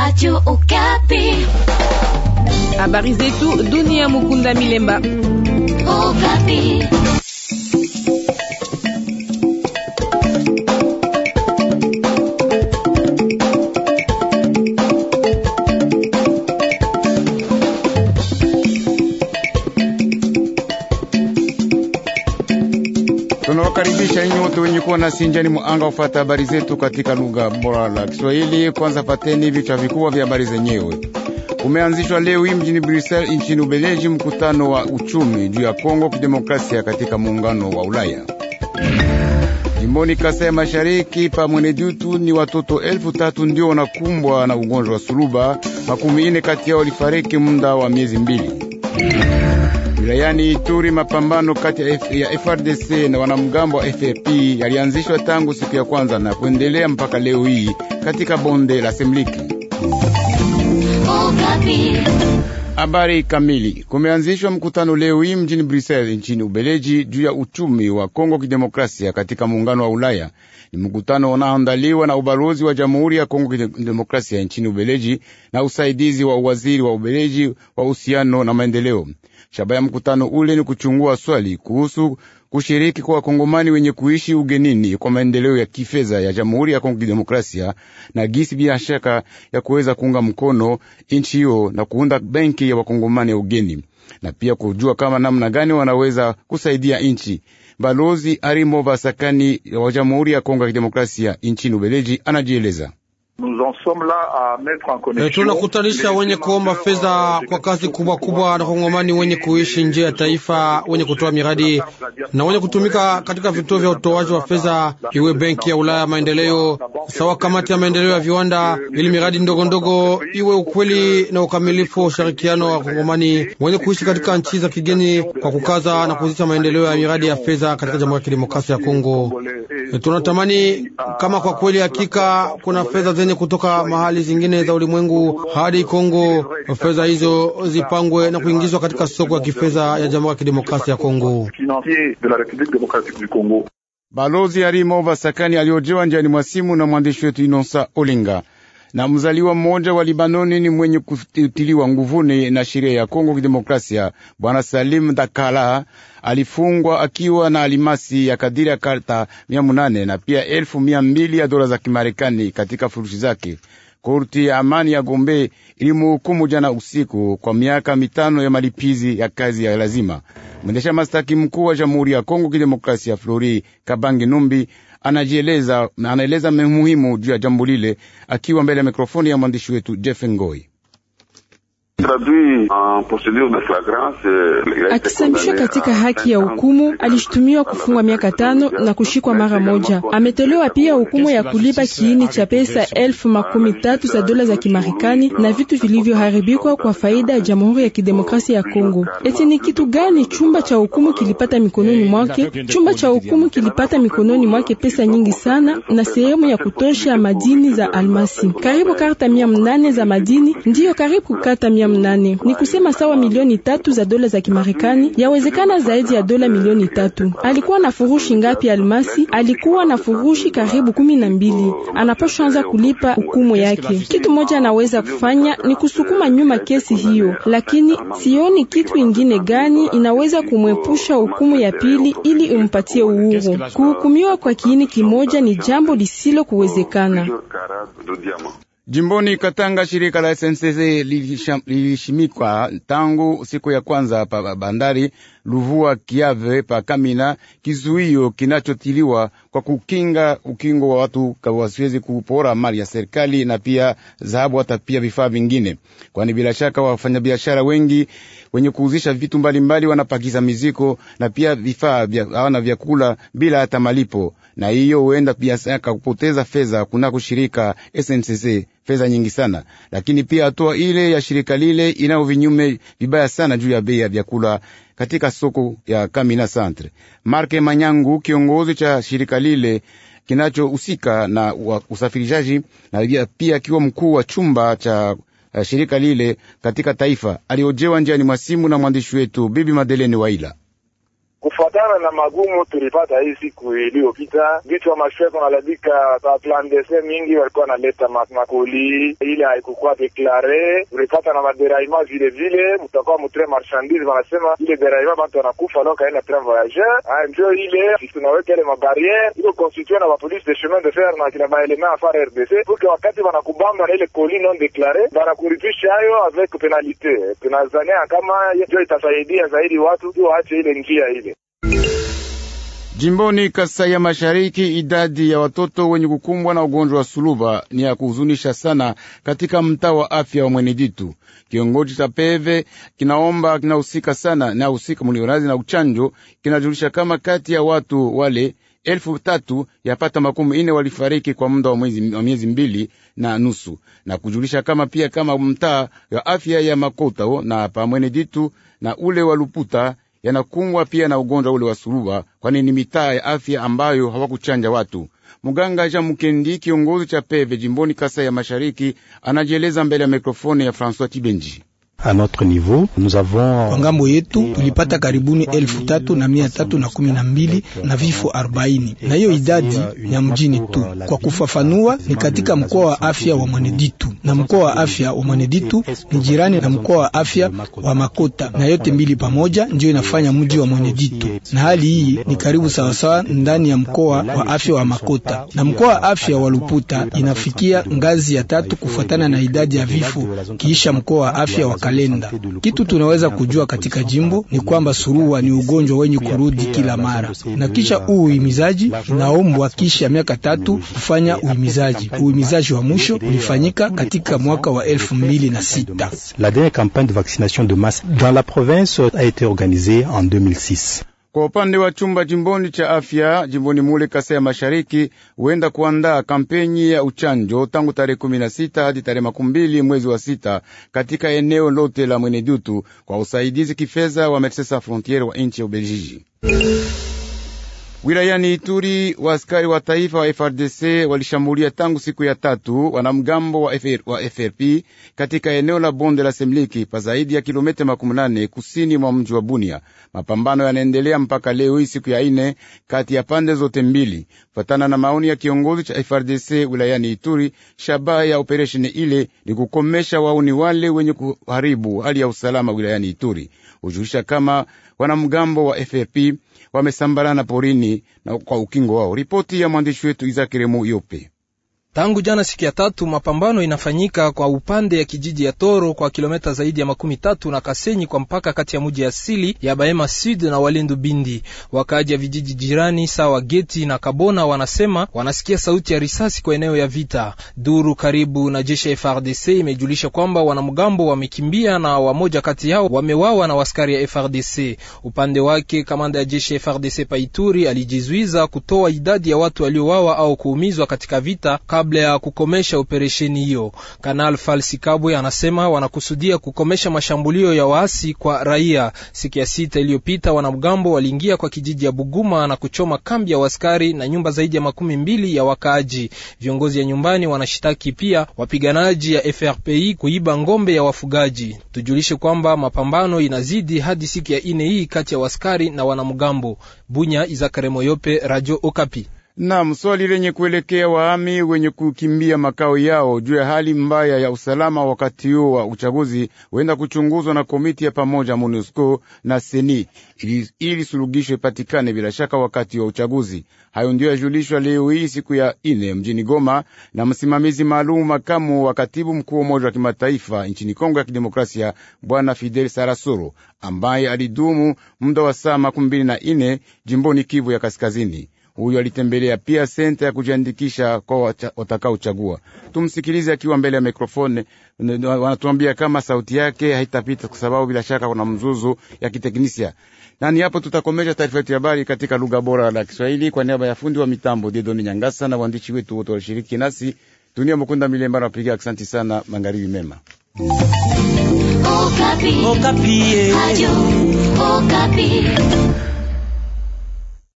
Radio Okapi. Habari zetu dunia, Mukunda Milemba. Okapi. Nawakaribisha nyinyi wote wenye kuwa nasi njiani muanga ufata habari zetu katika lugha bora la Kiswahili. Kwanza pateni vichwa vikubwa vya habari zenyewe. Umeanzishwa leo hii mjini Brussels nchini Ubeleji mkutano wa uchumi juu ya Kongo kidemokrasia katika muungano wa Ulaya. Jimboni Kasai ya Mashariki pa Mwenedutu ni watoto elfu tatu ndio wanakumbwa na ugonjwa wa suluba. Makumi ine kati yao walifariki muda wa miezi mbili. Wilayani Ituri, mapambano kati ya FRDC na wanamgambo wa FAP yalianzishwa tangu siku ya kwanza na kuendelea mpaka leo hii katika bonde la Semliki. Habari kamili. Kumeanzishwa mkutano leo hii mjini Brussels nchini Ubeleji juu ya uchumi wa Kongo Kidemokrasia katika muungano wa Ulaya. Ni mkutano unaoandaliwa na ubalozi wa Jamhuri ya Kongo Kidemokrasia nchini Ubeleji na usaidizi wa uwaziri wa Ubeleji wa uhusiano na maendeleo. Shabaha ya mkutano ule ni kuchungua swali kuhusu kushiriki kwa wakongomani wenye kuishi ugenini kwa maendeleo ya kifedha ya Jamhuri ya Kongo Kidemokrasia na gisi bila shaka ya kuweza kuunga mkono nchi hiyo na kuunda benki ya wakongomani ya ugeni na pia kujua kama namna gani wanaweza kusaidia nchi. Balozi Arimo Vasakani wa Jamhuri ya Kongo ya Kidemokrasia nchini Ubeleji anajieleza. Eh, tunakutanisha wenye kuomba fedha euh, kwa kazi kubwa kubwa na kongomani wenye kuishi nje ya taifa, wenye kutoa miradi na wenye kutumika katika vituo vya utoaji wa fedha, iwe benki ya Ulaya ya maendeleo sawa kamati ya maendeleo ya viwanda, ili miradi ndogo ndogo iwe ukweli na ukamilifu wa ushirikiano wa kongomani wenye kuishi katika nchi za kigeni, kwa kukaza na kuzisha maendeleo ya miradi ya fedha katika Jamhuri ya Kidemokrasia ya Kongo. Eh, tunatamani kama kwa kweli hakika kuna fedha zenye kutoka mahali zingine za ulimwengu hadi Kongo, fedha hizo zipangwe na kuingizwa katika soko ya kifedha ya Jamhuri ya Kidemokrasia ya Kongo. Balozi Arima sakani aliojewa njiani mwa simu na mwandishi wetu Inosa Olinga na mzaliwa mmoja wa Libanoni ni mwenye kutiliwa nguvuni na sheria ya Kongo Kidemokrasia. Bwana Salim Dakala alifungwa akiwa na alimasi ya kadiri ya karta mia munane na pia elfu mia mbili ya dola za Kimarekani katika furushi zake. Korti ya amani ya Gombe ilimuhukumu jana usiku kwa miaka mitano ya malipizi ya kazi ya lazima. Mwendesha mastaki mkuu wa Jamhuri ya Kongo Kidemokrasia Flori Kabangi Numbi anajieleza, anaeleza muhimu juu ya jambo lile akiwa mbele ya mikrofoni ya mwandishi wetu Jeff Ngoi. Euh, Akisambishwa katika haki ya hukumu, alishtumiwa kufungwa miaka tano na kushikwa mara moja. Ametolewa pia hukumu ya kulipa kiini cha pesa elfu ah, makumi tatu za dola za Kimarekani na vitu vilivyoharibikwa kwa faida ya Jamhuri ya Kidemokrasia ya Kongo. Eti ni kitu gani chumba cha hukumu kilipata mikononi eh, mwake? Chumba cha hukumu kilipata mikononi mwake pesa nyingi sana na sehemu ya kutosha ya madini za almasi, karibu karta mia mnane za madini, ndiyo karibu kata mia mnane ni kusema sawa milioni tatu za dola za Kimarekani, yawezekana zaidi ya dola milioni tatu. Alikuwa na furushi ngapi almasi? Alikuwa na furushi karibu kumi na mbili. Anaposhaanza kulipa hukumu yake, kitu moja anaweza kufanya ni kusukuma nyuma kesi hiyo, lakini sioni kitu ingine gani inaweza kumwepusha hukumu ya pili ili impatie uhuru. Kuhukumiwa kwa kiini kimoja ni jambo lisilo kuwezekana. Jimboni Katanga, shirika la SNCC lilishimikwa tangu siku ya kwanza pa bandari Luvua Kiave pa Kamina, kizuio kinachotiliwa kwa kukinga ukingo wa watu wasiwezi kupora mali ya serikali na pia zahabu hata pia vifaa vingine, kwani bila shaka wafanyabiashara wengi wenye kuuzisha vitu mbalimbali wanapakiza miziko na pia vifaa hawana vyakula bila hata malipo, na hiyo huenda biashara kupoteza fedha kunako shirika SNCC fedha nyingi sana, lakini pia hatua ile ya shirika lile inayo vinyume vibaya sana juu ya bei ya vyakula katika soko ya Kamina Centre. Marke Manyangu, kiongozi cha shirika lile kinachohusika na usafirishaji na pia akiwa mkuu wa chumba cha eh, shirika lile katika taifa, aliojewa njiani mwa simu na mwandishi wetu Bibi Madeleni Waila. Kutokana na magumu tulipata hii siku iliyopita, vichwa mashweka naladika baklandese mingi walikuwa naleta makuli ile haikukuwa deklare, tulipata na maderaima vile vile, mutakuwa mutre marchandise wanasema ile deraima bantu wanakufa leo kaenda tren voyageur. Haya ndio ile tunaweka ile mabariere iko konstitue na bapolisi de chemin de fer na kina baelemen afare RDC puke wakati wanakubamba na ile koli non deklare wanakuripisha hayo avec penalite. Tunazania kama njo itasaidia zaidi watu tu waache ile njia ile. Jimboni Kasai ya Mashariki, idadi ya watoto wenye kukumbwa na ugonjwa wa suluba ni ya kuhuzunisha sana katika mtaa wa afya wa Mweneditu. Kiongozi cha Peve kinaomba kinahusika sana na husika mlionazi na uchanjo, kinajulisha kama kati ya watu wale elfu tatu yapata makumi ine walifariki kwa muda wa mwezi wa miezi mbili na nusu, na kujulisha kama pia kama mtaa ya afya ya Makotao na pamwene ditu na ule wa Luputa yanakungwa pia na ugonjwa ule wa surua, kwani ni mitaa ya afya ambayo hawakuchanja watu. Muganga Jean Mukendi, kiongozi cha Peve jimboni Kasai ya Mashariki, anajieleza mbele ya mikrofoni ya Francois Tibenji. Kwa ngambo yetu tulipata karibuni elfu tatu na mia tatu na kumi na mbili na vifo arobaini na hiyo idadi ya mjini tu. Kwa kufafanua, ni katika mkoa wa afya wa Mweneditu na mkoa wa afya wa Mweneditu ni jirani na mkoa wa afya wa Makota, na yote mbili pamoja ndiyo inafanya mji wa Mweneditu, na hali hii ni karibu sawasawa ndani ya mkoa wa afya wa Makota, na mkoa wa afya wa Luputa inafikia ngazi ya tatu kufuatana na idadi ya vifo kiisha mkoa wa afya wa Kalenda. Kitu tunaweza kujua katika jimbo ni kwamba surua ni ugonjwa wenye kurudi kila mara, na kisha huu uhimizaji inaombwa kisha miaka tatu kufanya uhimizaji. Uhimizaji wa mwisho ulifanyika katika mwaka wa elfu mbili na sita. La dernière campagne de vaccination de masse dans la province a été organisée en 2006. Kwa upande wa chumba jimboni cha afya jimboni mule Kasai ya Mashariki huenda kuandaa kampeni ya uchanjo tangu tarehe 16 hadi tarehe makumi mbili mwezi wa sita katika eneo lote la Mwenedutu kwa usaidizi kifedha wa Medecins Sans Frontieres wa nchi ya Ubelgiji. Wilayani Ituri, waaskari wa taifa wa FRDC walishambulia tangu siku ya tatu wanamgambo wa, FR, wa FRP katika eneo la bonde la Semliki pa zaidi ya kilomita makumi nane kusini mwa mji wa Bunia. Mapambano yanaendelea mpaka leo hii siku ya ine kati ya pande zote mbili, fatana na maoni ya kiongozi cha FRDC wilayani Ituri. Shabaha ya operesheni ile ni kukomesha wauni wale wenye kuharibu hali ya usalama wilayani Ituri. Hujulisha kama wanamgambo wa FRP wamesambalana porini na kwa ukingo wao. Ripoti ya mwandishi wetu Izakiremo Yope. Tangu jana siku ya tatu mapambano inafanyika kwa upande ya kijiji ya Toro kwa kilomita zaidi ya makumi tatu na Kasenyi kwa mpaka kati ya muji asili ya Bahema Sud na Walendu Bindi. Wakaaji ya vijiji jirani sawa Geti na Kabona wanasema wanasikia sauti ya risasi kwa eneo ya vita. Duru karibu na jeshi ya FRDC imejulisha kwamba wanamgambo wamekimbia na wamoja kati yao wamewawa na waskari ya FRDC. Upande wake kamanda ya jeshi ya FRDC Paituri alijizuiza kutoa idadi ya watu waliowawa au kuumizwa katika vita kabla ya kukomesha operesheni hiyo. Kanal Falsi Kabwe anasema wanakusudia kukomesha mashambulio ya waasi kwa raia. Siku ya sita iliyopita, wanamgambo waliingia kwa kijiji ya Buguma na kuchoma kambi ya waskari na nyumba zaidi ya makumi mbili ya wakaaji. Viongozi ya nyumbani wanashitaki pia wapiganaji ya FRPI kuiba ngombe ya wafugaji. Tujulishe kwamba mapambano inazidi hadi siku ya ine hii kati ya waskari na wanamgambo. Bunya, Izakare Moyope, Radio Okapi na mswali lenye kuelekea wahami wenye kukimbia makao yao juu ya hali mbaya ya usalama wakati huo wa uchaguzi huenda kuchunguzwa na komiti ya pamoja MONUSCO na seni ili, ili suluhisho ipatikane bila shaka wakati wa uchaguzi. Hayo ndiyo yajulishwa leo hii siku ya ine mjini Goma na msimamizi maalumu makamu wa katibu mkuu wa Umoja wa Kimataifa nchini Kongo ya Kidemokrasia Bwana Fidel Sarasoro ambaye alidumu muda wa saa makumi mbili na ine jimboni Kivu ya Kaskazini. Huyu alitembelea pia senta ya kujiandikisha kwa watakaochagua. Tumsikilize akiwa mbele ya mikrofoni, wanatuambia kama sauti yake haitapita kwa sababu bila shaka kuna mzuzu ya kiteknisia. Nani hapo, tutakomesha taarifa yetu ya habari katika lugha bora la Kiswahili kwa niaba ya fundi wa mitambo Didoni Nyangasa na waandishi wetu wote walishiriki nasi. Dunia Mukunda Milemba napiga asante sana, magharibi mema. Okapi. Okapi. Eh.